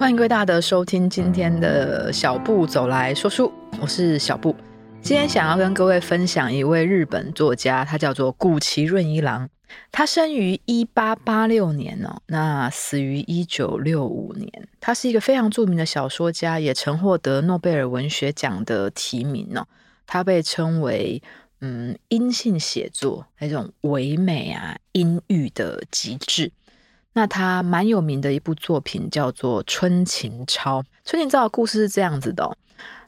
歡迎各位大德收聽今天的《小步走來說書》，我是小步。今天想要跟各位分享一位日本作家，他叫做谷崎潤一郎。他生於一八八六年哦，那死於一九六五年。他是一個非常著名的小說家，也曾獲得諾貝爾文學獎的提名哦。他被稱為嗯陰性寫作那種唯美啊、陰鬱的極致。那她蠻有名的一部作品叫做《春琴抄》。《春琴抄》的故事是這樣子的哦，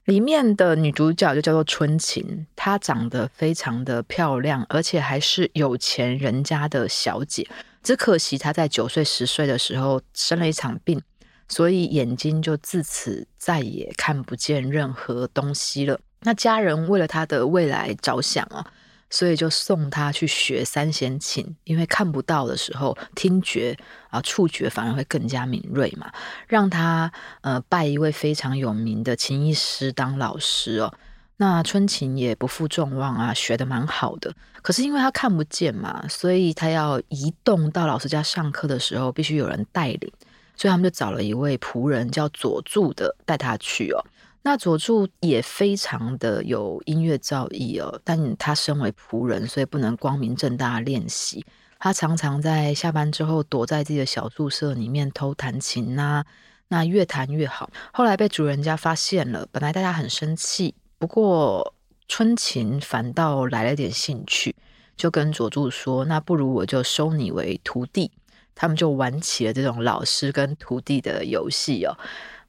裡面的女主角就叫做春琴，她長得非常的漂亮，而且還是有錢人家的小姐。只可惜她在九歲、十歲的時候生了一場病，所以眼睛就自此再也看不見任何東西了。那家人為了她的未來着想啊。所以就送他去學三弦琴，因為看不到的時候，聽覺啊、觸覺反而會更加敏銳嘛。讓他呃拜一位非常有名的琴藝師當老師哦。那春琴也不負眾望啊，學的蠻好的。可是因為他看不見嘛，所以他要移動到老師家上課的時候，必須有人帶領。所以他們就找了一位僕人叫佐助的帶他去哦。那佐助也非常的有音樂造詣哦，但他身為僕人，所以不能光明正大的練習。他常常在下班之後躲在自己的小宿舍裡面偷彈琴吶、啊，那越彈越好。後來被主人家發現了，本來大家很生氣，不過春琴反倒來了點興趣，就跟佐助說：“那不如我就收你為徒弟。”他們就玩起了這種老師跟徒弟的遊戲哦。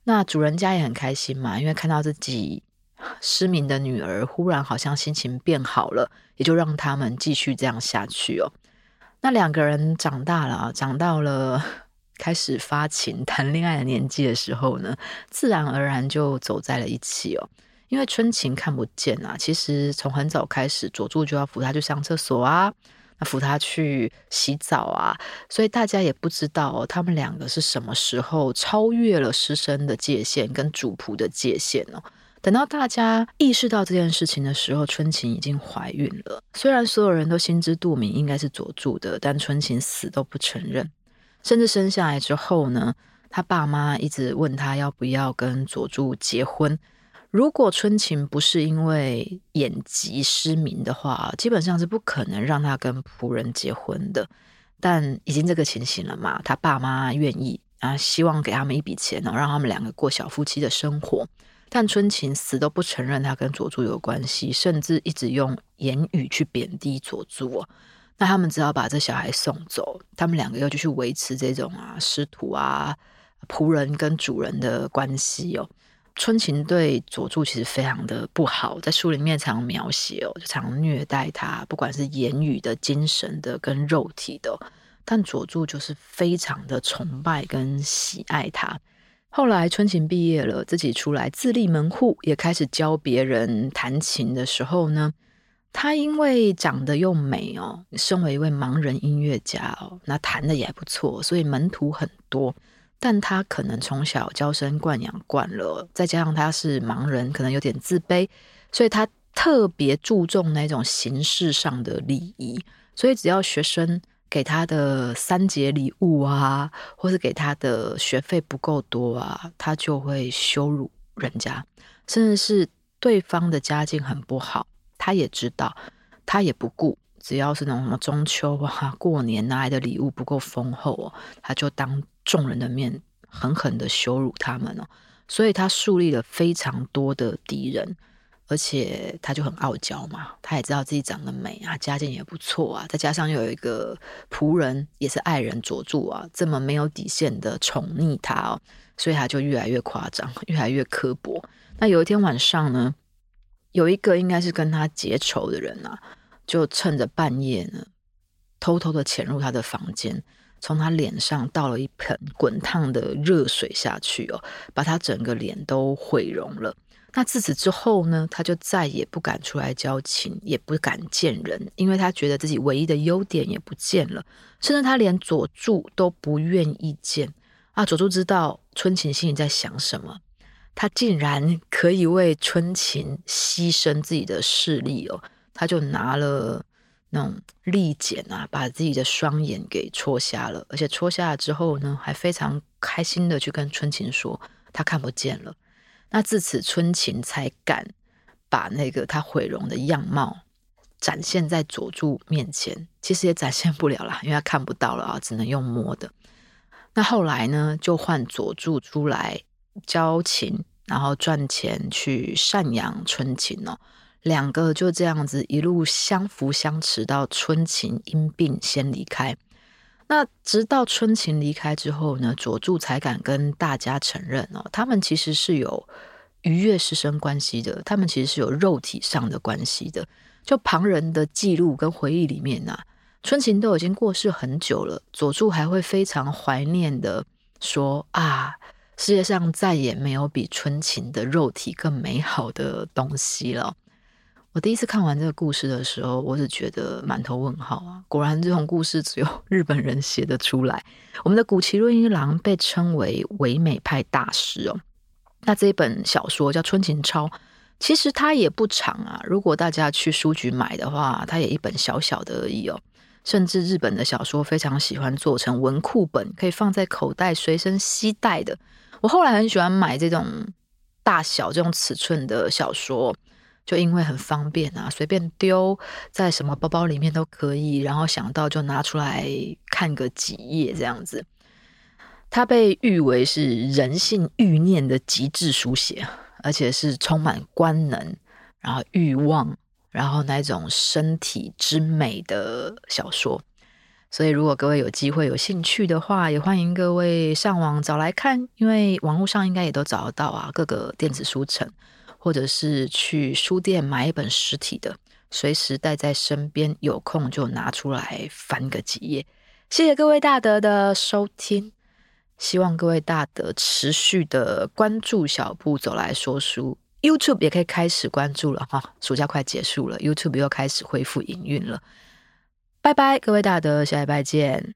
那主人家也很開心嘛，因為看到自己失明的女兒忽然好像心情變好了，也就讓他們繼續這樣下去哦。那兩個人長大了，長到了開始發情談戀愛的年紀的時候呢，自然而然就走在了一起哦。因為春琴看不見啊，其實從很早開始，佐助就要扶她去上廁所啊。扶他去洗澡啊，所以大家也不知道、哦、他們兩個是什麼時候超越了師生的界限，跟主僕的界限哦。等到大家意識到這件事情的時候，春琴已經懷孕了。雖然所有人都心知肚明應該是佐助的，但春琴死都不承認，甚至生下來之後呢，他爸媽一直問他要不要跟佐助結婚。如果春琴不是因為眼疾失明的話，基本上是不可能讓他跟僕人結婚的。但已經這個情形了嘛，他爸媽願意啊，希望給他們一筆錢哦，然後讓他們兩個過小夫妻的生活。但春琴死都不承認他跟佐助有關係，甚至一直用言語去貶低佐助哦。那他們只好把這小孩送走，他們兩個又繼續維持這種啊師徒啊僕人跟主人的關係哦。春琴對佐助其實非常的不好，在書裡面常描寫哦，就常虐待他，不管是言語的、精神的跟肉體的哦。但佐助就是非常的崇拜跟喜愛他。後來春琴畢業了，自己出來自立門戶，也開始教別人彈琴的時候呢，他因為長得又美哦，身為一位盲人音樂家哦，那彈的也不錯，所以門徒很多。但他可能從小嬌生慣養慣了，再加上他是盲人，可能有點自卑，所以他特別注重那種形式上的禮儀。所以只要學生給他的三節禮物啊，或是給他的學費不夠多啊，他就會羞辱人家，甚至是對方的家境很不好，他也知道，他也不顧，只要是那種什麼中秋啊、過年拿來的禮物不夠豐厚哦，啊，他就當眾人的面狠狠的羞辱他們哦，所以他樹立了非常多的敵人，而且他就很傲嬌嘛，他也知道自己長得美啊，家境也不錯啊，再加上又有一個僕人也是愛人佐助啊，這麼沒有底線的寵溺他哦，所以他就越來越誇張，越來越刻薄。那有一天晚上呢，有一個應該是跟他結仇的人啊，就趁着半夜呢，偷偷的潛入他的房間。從他臉上倒了一盆滾燙的熱水下去哦，把他整個臉都毀容了。那自此之後呢，他就再也不敢出來交情，也不敢見人，因為他覺得自己唯一的優點也不見了。甚至他連佐助都不願意見啊。佐助知道春琴心裡在想什麼，他竟然可以為春琴犧牲自己的視力哦，他就拿了。那種利剪啊，把自己的雙眼給戳瞎了，而且戳瞎了之後呢，還非常開心的去跟春琴說他看不見了。那自此春琴才敢把那個她毀容的樣貌展現在佐助面前，其實也展現不了啦，因為她看不到了啊，只能用摸的。那後來呢，就換佐助出來教琴，然後賺錢去贍養春琴哦。兩個就這樣子一路相扶相持到春琴因病先離開。那直到春琴離開之後呢，佐助才敢跟大家承認哦，他們其實是有逾越師生關係的，他們其實是有肉體上的關係的。就旁人的記錄跟回憶裡面呢、啊，春琴都已經過世很久了，佐助還會非常懷念的說啊，世界上再也沒有比春琴的肉體更美好的東西了。我第一次看完這個故事的時候，我是覺得滿頭問號啊！果然這種故事只有日本人寫得出來。我們的谷崎潤一郎被稱為唯美派大師哦。那這一本小說叫《春琴抄》，其實它也不長啊。如果大家去書局買的話，它也一本小小的而已哦。甚至日本的小說非常喜歡做成文庫本，可以放在口袋隨身攜帶的。我後來很喜歡買這種大小、這種尺寸的小說哦。就因為很方便啊，隨便丟在什麼包包裡面都可以，然後想到就拿出來看個幾頁這樣子。它被譽為是人性欲念的極致書寫，而且是充滿官能，然後欲望，然後那種身體之美的小說。所以如果各位有機會有興趣的話，也歡迎各位上網找來看，因為網絡上應該也都找得到啊，各個電子書城。或者是去書店買一本實體的，隨時帶在身邊，有空就拿出來翻個幾頁。謝謝各位大德的收聽，希望各位大德持續的關注小步走來說書，YouTube 也可以開始關注了哈、啊。暑假快結束了，YouTube 又開始恢復營運了。拜拜，各位大德，下禮拜見。